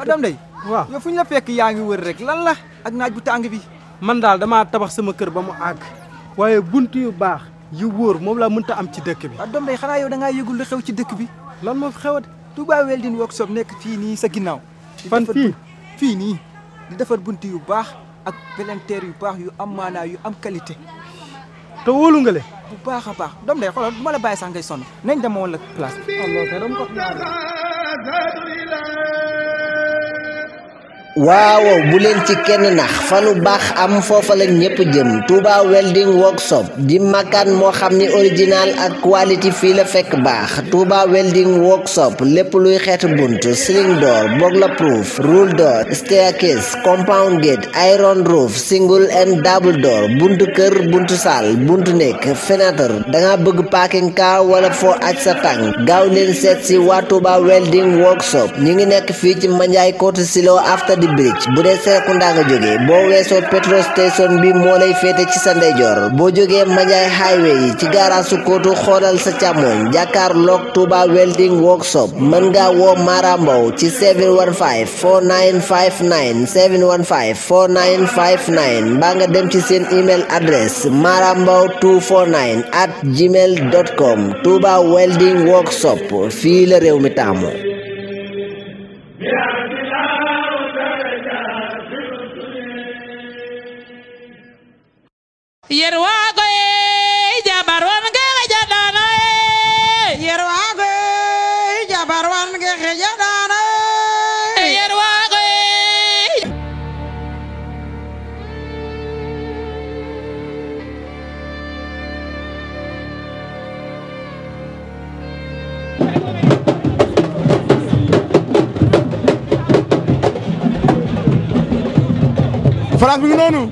waaw Dame Ndeye waaw yow fu ñu la fekk yaa ngi wër rek lan la ak naaj bu tàng bi man daal damaa tabax sama kër ba mu àgg waaye bunt yu baax yu wóor moom laa mënta am ci dëkk bi waaw Dame Ndeye xanaa yow da ngaa yëgul lu xew ci dëkk bi lan moo fi xewat Touba Welding Workshop nekk fii nii sa ginnaaw fan fii fii nii di defar bunt yu baax ak palanteer yu baax yu am maanaa yu am qualité te wóolu nga le bu baax a baax doom Ndeye xoolal bu ma la bàyyi sax ngay sonn nañ dama woon waaw bu leen ci kenn nax fanu baax am foofa la ñëpp jëm Touba welding workshop di makkaan moo xam ni original ak quality fii la fekk baax Touba welding workshop lépp luy xeet bunt sling door bogla proof roule door staircase compound gate iron roof single and double door buntu kër bunt saal buntu nekk fenêtre danga bëgg parking car wala foo aj sa tànk gaaw leen seet si waa Touba welding workshop ñi ngi nekk fii ci Mandiaye Koto Silo after di bridge bu dee Serekunda nga jógee boo weesoo petrol station bi moo lay féete ci sa ndeyjoor boo jógee Manjai highway yi ci garage Sukootu xoolal sa càmmoñ jàkkaarloog Touba welding workshop mën ngaa woo Mara Mbow ci 715 4959 715 4959 mbaa nga dem ci seen email adresse marambaw 249 at gmail dot com Touba welding workshop fii la réew mi taamu. yerwago e jabar wange xeƴaɗana e yerwago e jabar wange xeƴaɗana e yerwago e France mi ngi noonu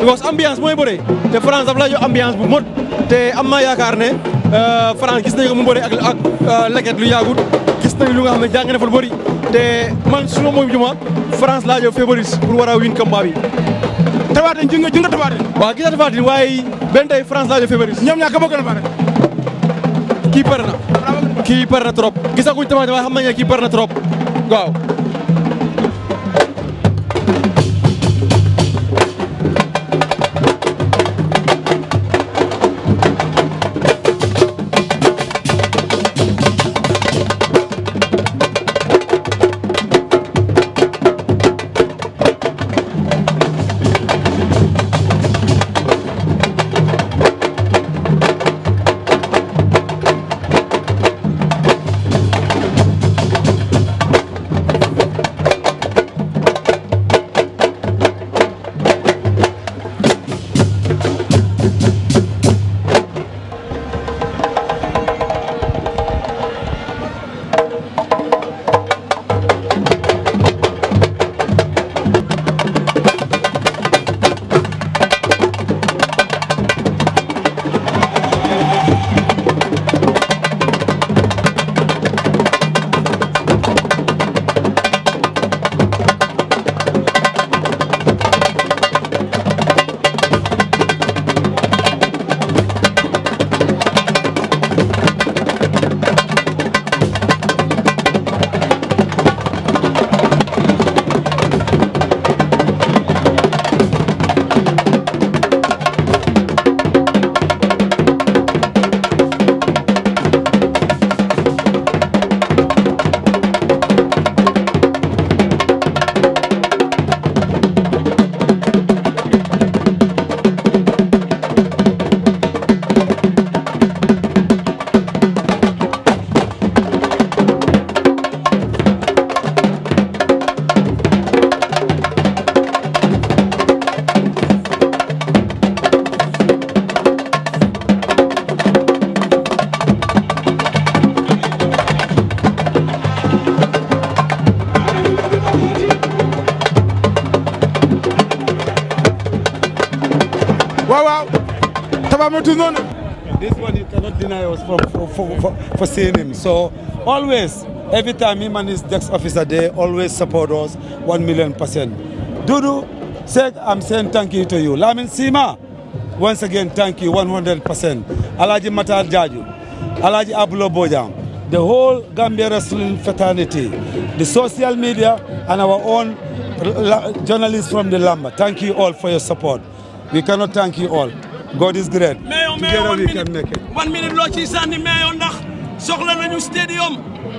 because ambiance mooy bëre te France daf lay jox bu mot te am naa yaakaar ne euh, France gis nañ ko mu bëre ak ak euh, leket lu yaagut gis nañ lu nga xam ne jàng na fa lu bëri te man suma moom juma France laa jox favoris pour war a win combat bi Tapha Tine nga jënd gis naa Tapha Tine waaye benn tey France laa jox favoris ñoom ñaar ka bokk na pare kii pare na kii pare na trop gisaguñ Tapha Tine waaye xam nañ ne kii pare na trop waaw this one you cannot deny us for, for, for, for, for seeing him. So always, every time him and his desk officer there always support us 1 million percent. Dudu said, I'm saying thank you to you. Lamin Sima, once again, thank you 100 percent. Alaji Matal Jaju, Alaji Abulo Bojang, the whole Gambia Wrestling fraternity, the social media, and our own journalists from the Lamba. Thank you all for your support. We cannot thank you all. God is great. together we loo ciy sànni meeyoo ndax soxla nañu stadium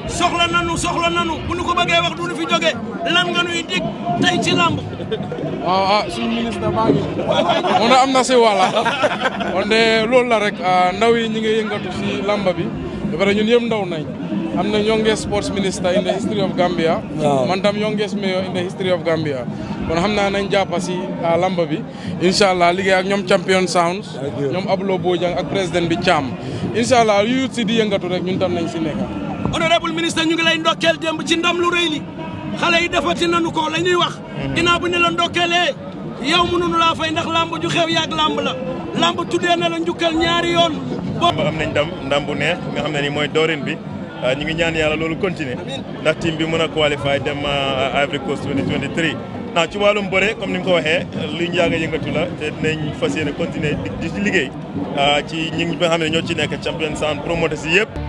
soxla nañu bu ñu ko bëggee wax du fi jóge lan nga nuy dig tey ci làmb. waaw ah, ah suñu maa ngi. on am na si wàlla wante loolu la rek ah, ndaw yi ñi ngi yëngatu si lamba bi ba pare ñun yëpp ndaw nañ am na youngest sports minister in the history of Gambia. man tam youngest mayor in the history of Gambia. kon xamna naa nañ jàpp si lamba bi inshallah allah ak ñom champion sounds ñom Ablo Bojang ak président bi cham inshallah allah yu ci di yëngatu rek ñun tam nañ ci nekk. honorable ministre ñu ngi lay ndokkeel démb ci ndam lu rëy li xale yi defati nañu ko lañuy wax. Hmm. ginnaaw bu ne la ndokkeelee yow ñu la fay ndax lamb ju xew yaak lamb la lamb tuddee na la njukkal ñaari yoon. ba am nañ ndam ndam bu neex nga xamné ni moy dorine bi. Ah, ñi ngi ñaan yalla lolu continuer ndax team bi mëna a qualifier dem ah, Ivory Coast 2023 naa ci wàllum bëre comme ni mu ko waxee li ñu yàgg a yëngatu la te dinañ fas yéene continuer di ci liggéey ah, ci ñi nga xam ne ñoo ci nekk champion san promoteur si yëpp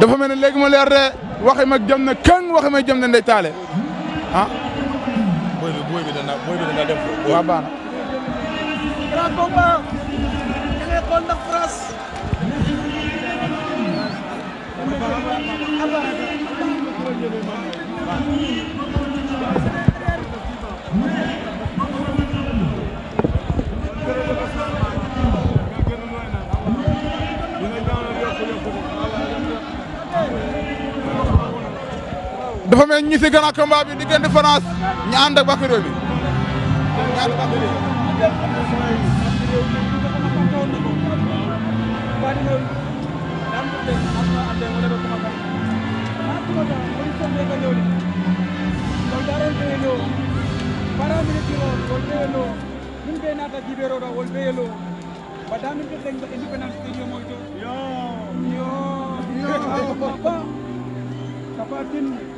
dafa melni ne léegi ma leer re waxi mag jëm na kenn waxi mag jëm ndey talé ah. booy bi booy bi dana booy bi dana dem. waaw baax na. grand combat da ngay xool France. Thank you. dafa mel ñu si gën a c a n b a t bi d i g g n t e France ñu ànd ak Bakary bi ñu ànd ak Bakary Yo! Yo! Papa! Papa, didn't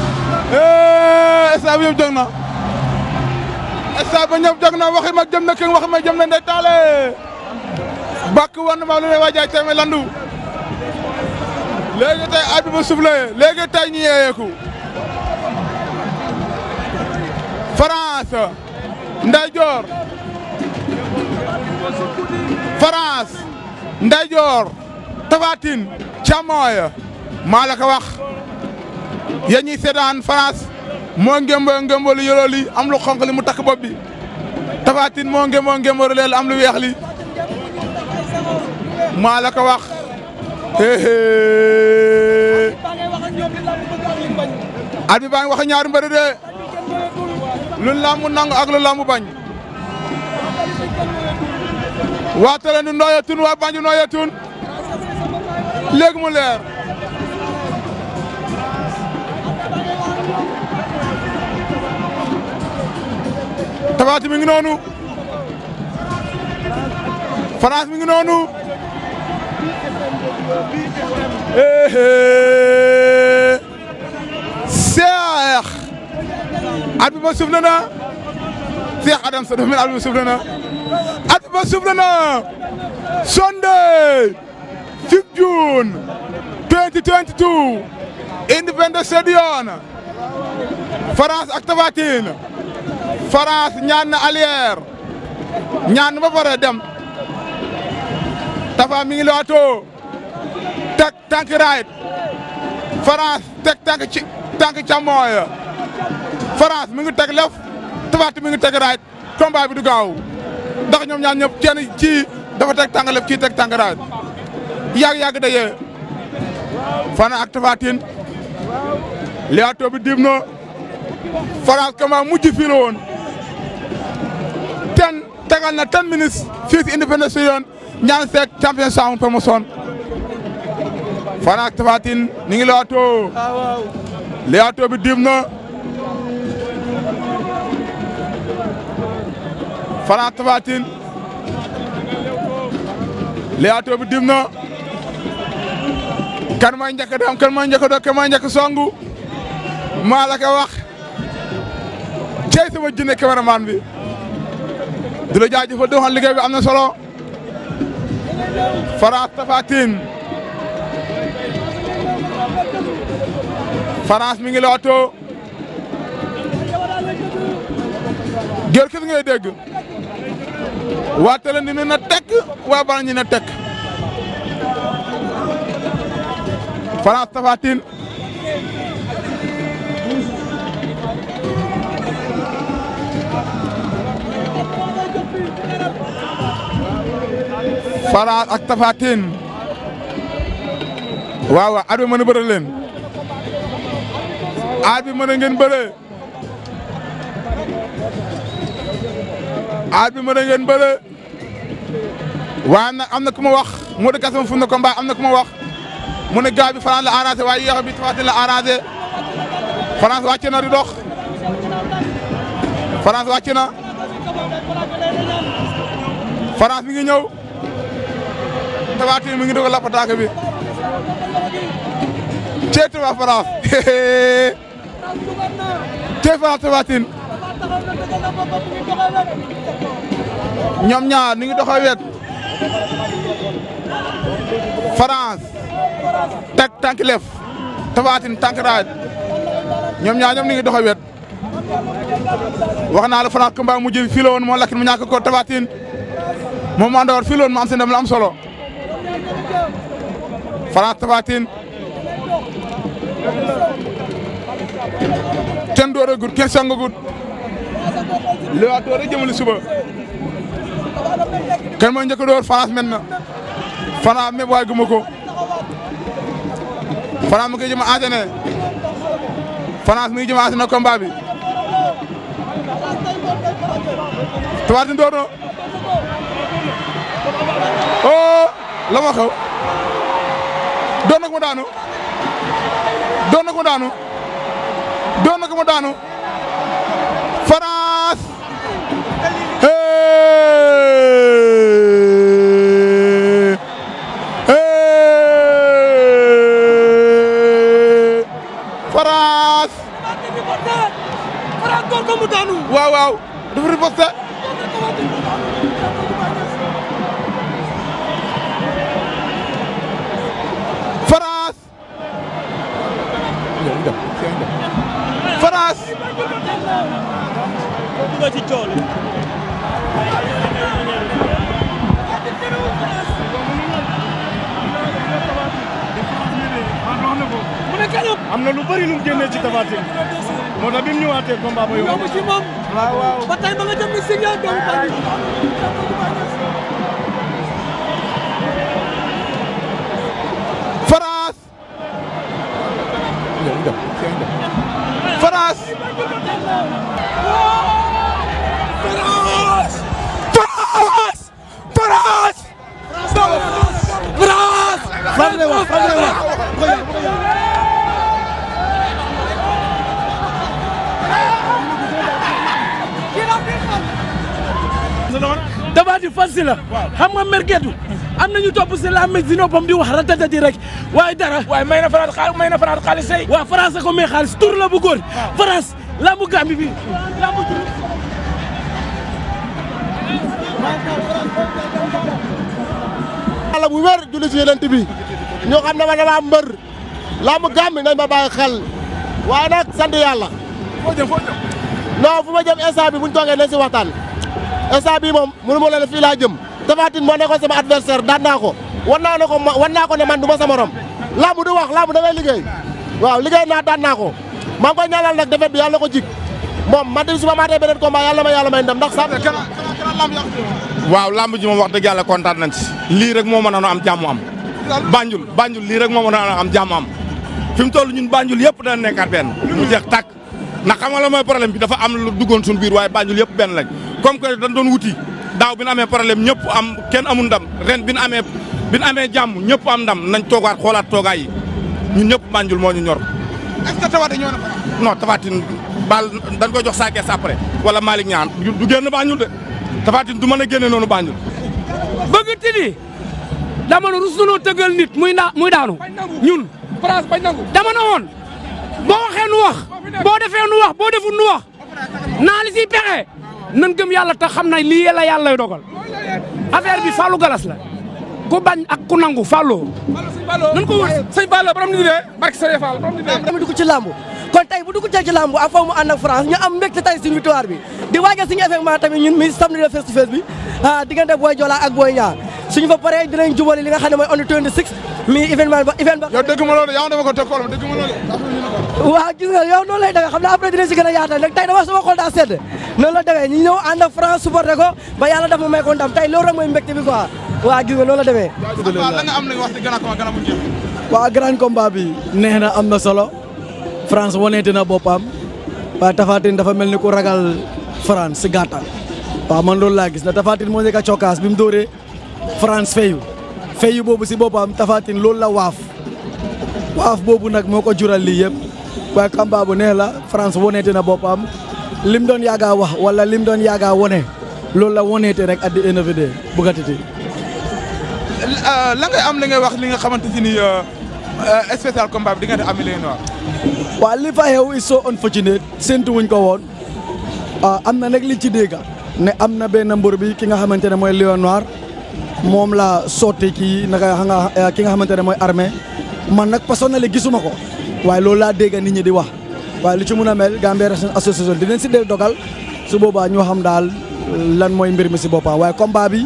stade bi ñëpp jóg na stade ba ñëpp jóg na waxi ma jëm waxi ma jëm na taale bàkk wan ma lu ne waajaay tey landu léegi tey abi ba soufflé léegi tey ñu yeeyeeku France ndeyjoor France ndeyjoor tafatin càmmooy ko wax yéen ñi seetaan moo ngémbo ngémbo lu yeloo am lu xonq li mu takk bopp bi Tapha Tine moo ngémbo ngémbo leel am lu weex li maa la ko wax héhé at bi baa ngi wax ñaari mbër de lu làmb nangu ak lu làmb bañ waa Télé nu nooyatun waa Banjul nooyatun léegi mu leer Tapha Tine mi ngi noonu France mi ngi noonu Cheikh at bi ba suuf na na Cheikh Adam sa dafa mel at bi ba suuf na na at bi ba suuf na na Sunday 5 June 2022 Independence Stadion France ak Tapha Tine Faras ñaan na Alière ñaan ba pare dem Tapha mi ngi lewatoo teg tànk right Faras teg tànk ci tànk càmmooy Faras mi ngi teg lef Tapha mi ngi teg right combat bi du gaaw ndax ñoom ñaan ñëpp kenn ci dafa teg tànk lef kii teg tànk right yàgg-yàgg Fana ak Tapha Tine lewatoo bi dim na Faras kama mujj fii woon tegal na 10 minutes fii Independence Stadium ñaan seeg champion sound promotion Fana ak Tapha Tine ñu ngi lewaatoo lewaatoo bi diim na Fana ak Tapha Tine bi diim na kan mooy njëkk dem kan mooy njëkk kan mooy njëkk maa la ko wax cey sama jinne cameraman bi di la jaajëfal di waxoon liggéey am na solo Franc Tapha Tine mi ngi looto gër kis ngay dégg waa Tëlëndi ne na tekk waa bana na tekk Franc Tapha Fara ak Tapha Tine waaw waaw aat bi mën a bëre leen aat bi mën a ngeen bëre aat bi mën a ngeen bëre waaye nag am na ku ma wax moo di kasam fu na combat am na ku ma wax mu ne gaa bi Fara la arrangé waaye yéex bi Tapha Tine la arrangé France wàcce na di dox France wàcce na France mi ngi ñëw Tapha Tine mi ngi dugal lapataaka bi ceeti waa France ceeti waa ñoom ñaar ñu ngi doxa wet France teg tànk lef Tapha ñoom ñaar ñoom ñu ngi doxa wet wax naa la France combat mujj bi fii woon moo lakkin mu ñàkk ko Tapha Tine moom mu àndoon fii mu am am solo Franc Tapha kenn door a kenn sang gudd li waa door a suba kenn mooy njëkk a door Franc mën na Franc méb waaye gëma ko Franc mu ngi jëm a enchaîné mu ngi jëm a enchaîné combat bi Tapha Tine oh, la ma xew doon na mu daanu doon na mu daanu doon na ko waaw waaw dafa riposte am na lu bari lu mu génnee ci Tapha Tine moo tax bi mu ñëwaatee combat ba yomb. waaw waaw ba tey ma nga jëm ni Sénégal doomu la xam nga merketu am nañu topp si la médecine bam di wax ratatati rek waaye dara waaye may na France xaalis may na France xaalis say waaw ko may xaalis tur la bu góor France lambu Gambie bi lambu walla bu wér julli si yeneen bi ñoo xam ne ma damaa mbër lambu Gambie nañ ma bàyyi xel waaye nag sant yàlla foo fu ma jëm instant bi buñ toogee nañ si waxtaan instant bi mom mënu mo leen fi la jëm tafatine mo moo sama adversaire daan naa ko wan naa ko wan ko ne man duma sama rom lamu du wax lamu da ngay liggey waaw liggéey naa daan naa ko ñaanal defet bi yalla ko jik mom ma dem suba ma dem benen combat yalla ma yalla may ndam ndax sa waaw lamu ji mom wax dëgg yalla contane nañ ci li rek mo mënoon a am jamm am Banjul Banjul li rek mo mënoon am jamm am fim tollu ñun Banjul yëpp da nekkat ben mu jeex tak ndax xamala moy problème bi dafa am lu duggoon sun biir way Banjul yëpp ben lañ comme que dañ doon wuti daaw bi ñu amee problème ñëpp am kenn amul ndam ren bi ñu amee bi ñu amee jàmm ñëpp am ndam nañ toogaat xoolaat toogaay ñun ñëpp Banjul moo ñu ñor. est-ce que Tapha Tine ñëw na fa. dañ koy jox saa kees après wala Malick Niang du génn Banjul de Tapha du mën a génne noonu Banjul. bëgg tili dama ne rus nit muy naa muy daanu ñun. France bañ nangu dama boo waxee nu wax boo defee nu wax boo deful nu wax naa li pexe. nan gëm yàlla tax xam na lii la yàlla dogal affaire bi Fallou Galass la ku bañ ak ku nangu Fallou. nan ko wër sëñ Fallou borom nit de barke Sëriñ Fallou borom nit ci làmb kon tey bu dugg ci làmb a faw mu ànd ak ñu am mbégte tey suñu victoire bi di waajal suñu événement tamit ñun mi samedi le face to face bi ah, diggante Boy Joola ak Boy Niang suñu fa paree dinañ jubali li nga xam ne mooy on the 26 mi événement ba événement ba. yow dëgg si gën a yaatal nag noonu la demee ñu ñëw ànd ak France supporté ko ba yàlla daf mu may ko ndam tey loolu rek mooy mbégte bi quoi waa gis nga noonu la demee. waaw la nga bi neex na am na solo France waneeti na boppam waaye Tapha dafa mel ni ku ragal France si gàttal waaw man loolu laa gis na Tapha Tine moo nekk a cokkaas bi mu dóoree France fayu fayu boobu si boppam Tapha loolu la waaf waaf boobu nag moo ko jural lii yëpp waaye bu neex la France waneeti na boppam. lim doon yaaga wax wala lim doon yaaga wone loolu la woneete rek at di innover Bouga Titi la ngay am li ngay wax li nga xamante ci ni euh, spécial combat bi di nga am li wax. waaw li fa xew is so unfortunate séntu wuñ ko woon a ah, am na nag li ci dégg ne am na benn mbër bi ki nga xamante ne mooy Lion Noir moom la sotti kii naka nga ki nga xamante ne mooy armée man nag personnellement gisuma ko waaye loolu laa dégg ni ñi di wax. waaye lu ci mun a mel Gambia a Association dinañ si del dogal su boobaa ñoo xam daal lan mooy mbir mi si boppam waaye combat bi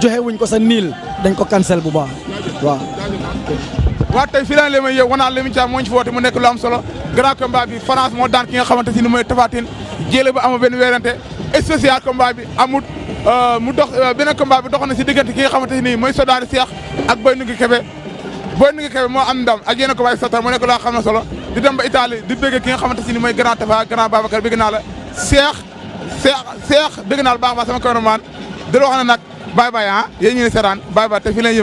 joxe wuñ ko sa niil dañ ko cancel bu baa waaw. waaw tey fii daan leen yow wanaa Lamine Thiam moo ñu fi mu nekk lu am solo grand combat bi France moo daan ki nga xamante si ni mooy Tapha Tine jële ba amul benn weerante spécial combat bi amut euh, mu dox euh, beneen bi dox na si diggante ki nga xamante si nii mooy Sodaari Seex ak Boy Ndugu booy nu ngi xew moo am ndam ak yéen a ko waaye sottal mu nekk loo xam ne solo di dem ba Italie di bëgg ki nga xamante si ni mooy grand Tafa grand Babacar bëgg naa la Cheikh Cheikh Cheikh bëgg naa la baax baax sama cameraman di la wax ne nag bye bye ah yéen ñu ne te fii lañ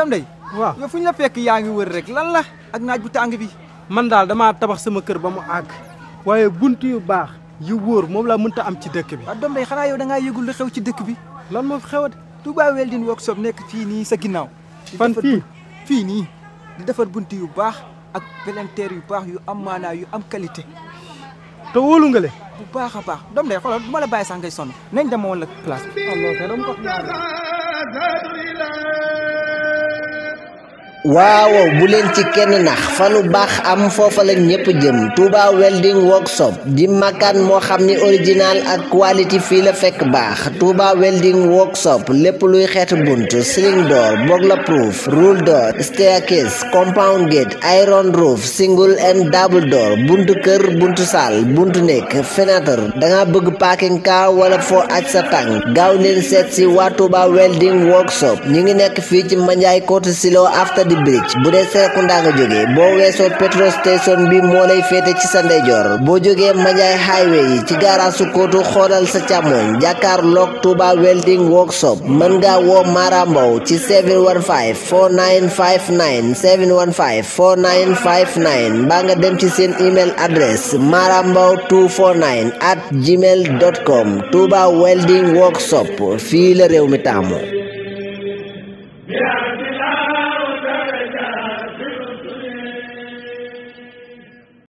dam day waaw yow fu ñu la fekk yaa ngi wër rek lan la ak naaj bu tàng bi man daal damaa tabax sama kër ba mu àgg waaye bunt yu baax yu wóor moom laa mënta am ci dëkk bi waaw dam day xanaa yow da ngaa yëgul li xew ci dëkk bi lan moo fi xewat Touba Welding Workshop nekk fii nii sa ginnaaw fan fii fii nii di defar bunt yu baax ak palanteer yu baax yu am maanaa yu am qualité te wóolu nga le bu baax a baax doom day xoolal ma la bàyyi sax ngay sonn nañ dama Wow bulan chicken ci kenn nax fanu baax am foofa la ñëpp jëm tuba welding workshop di makan moo xam ni original ak quality feel la fekk Tuba welding workshop lépp luy xeet bunt sling door bogla proof rule door staircase compound gate iron roof single and double door buntu kër buntu sal buntu nekk fenêtre bëgg parking car wala foo aj sa set gaaw leen seet si waa welding workshop ñi ngi nekk fii ci Silo after di bridge bu dee Serekunda nga jógee boo weesoo petrol station bi moo lay féete ci sa ndeyjoor boo jógee Manjai highway yi ci garage Sukootu xoolal sa càmmoñ jàkkaarloog Touba welding workshop mën ngaa woo Mara Mbow ci 715 4959 715 4959 mbaa nga dem ci seen email adresse marambow 249 at gmail com Touba welding workshop fii la réew mi taamu.